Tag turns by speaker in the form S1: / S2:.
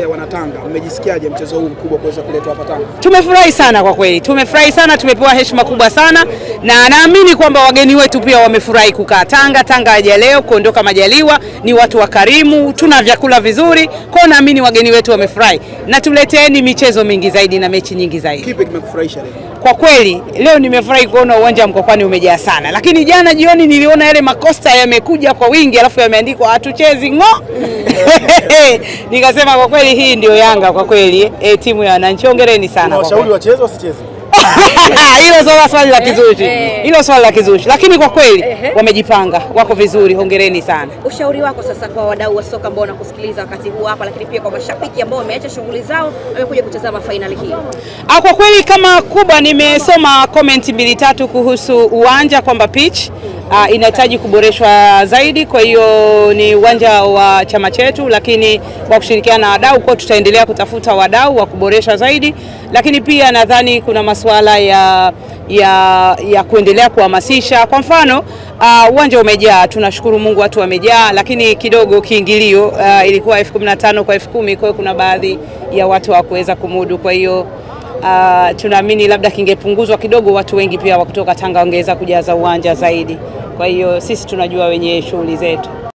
S1: ya Wanatanga, mmejisikiaje mchezo huu mkubwa kuweza kuletwa hapa Tanga? Tumefurahi sana kwa kweli, tumefurahi sana, tumepewa heshima kubwa sana na naamini kwamba wageni wetu pia wamefurahi kukaa Tanga. Tanga haja leo kuondoka majaliwa, ni watu wakarimu, tuna vyakula vizuri, kwa naamini wageni wetu wamefurahi, na tuleteeni michezo mingi zaidi na mechi nyingi zaidi.
S2: Kipi kimekufurahisha leo?
S1: Kwa kweli leo nimefurahi kuona uwanja wa Mkwakwani umejaa sana, lakini jana jioni niliona yale makosta yamekuja kwa wingi, alafu yameandikwa hatuchezi ng'o. Nikasema kwa kweli hii ndio Yanga kwa kweli, e, timu ya wananchi. Ongereni sana.
S2: Washauri wacheze wasicheze
S1: swala swali la eh? kizushi eh. hilo, swali la kizushi, lakini kwa kweli eh, wamejipanga, wako vizuri, hongereni sana.
S3: Ushauri wako sasa kwa wadau wa soka ambao wanakusikiliza wakati huu hapa, lakini pia kwa mashabiki ambao wameacha shughuli zao wamekuja kutazama fainali hii?
S1: Ah, kwa kweli kama kubwa, nimesoma comment mbili tatu kuhusu uwanja kwamba pitch Uh, inahitaji kuboreshwa zaidi. Kwa hiyo ni uwanja wa chama chetu, lakini kwa kushirikiana na wadau, kwa tutaendelea kutafuta wadau wa kuboresha zaidi, lakini pia nadhani kuna masuala ya ya, ya kuendelea kuhamasisha. Kwa mfano uh, uwanja uh, umejaa, tunashukuru Mungu watu wamejaa, lakini kidogo kiingilio uh, ilikuwa elfu kumi na tano kwa elfu kumi kwa hiyo kuna baadhi ya watu hawakuweza kumudu, kwa hiyo uh, tunaamini labda kingepunguzwa kidogo, watu wengi pia wa kutoka Tanga wangeweza kujaza uwanja zaidi. Kwa hiyo sisi tunajua wenye shughuli zetu.